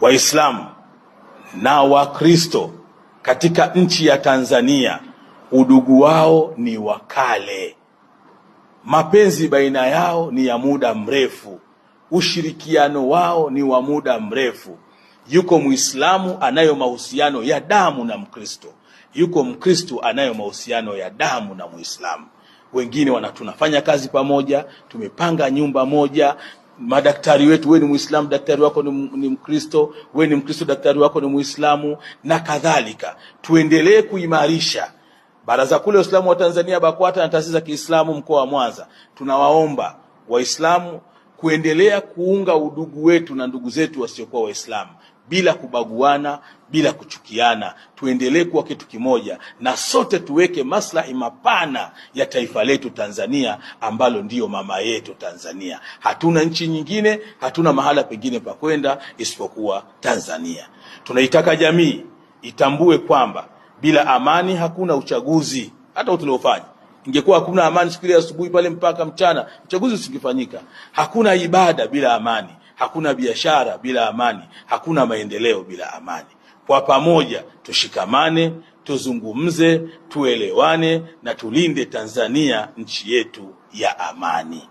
Waislamu na Wakristo katika nchi ya Tanzania udugu wao ni wa kale, mapenzi baina yao ni ya muda mrefu, ushirikiano wao ni wa muda mrefu. Yuko Mwislamu anayo mahusiano ya damu na Mkristo, yuko Mkristo anayo mahusiano ya damu na Mwislamu. Wengine wanatunafanya kazi pamoja, tumepanga nyumba moja, madaktari wetu, wewe ni Muislamu, daktari wako ni Mkristo, wewe ni Mkristo, daktari wako ni Muislamu na kadhalika. Tuendelee kuimarisha Baraza kule Waislamu wa Tanzania, BAKWATA, na taasisi za Kiislamu mkoa wa Mwanza. Tunawaomba Waislamu kuendelea kuunga udugu wetu na ndugu zetu wasiokuwa Waislamu bila kubaguana, bila kuchukiana, tuendelee kuwa kitu kimoja, na sote tuweke maslahi mapana ya taifa letu Tanzania, ambalo ndiyo mama yetu Tanzania. Hatuna nchi nyingine, hatuna mahala pengine pa kwenda isipokuwa Tanzania. Tunaitaka jamii itambue kwamba bila amani hakuna uchaguzi hata utaliofanya ingekuwa hakuna amani siku ile asubuhi pale mpaka mchana, uchaguzi usingefanyika. Hakuna ibada bila amani, hakuna biashara bila amani, hakuna maendeleo bila amani. Kwa pamoja tushikamane, tuzungumze, tuelewane na tulinde Tanzania, nchi yetu ya amani.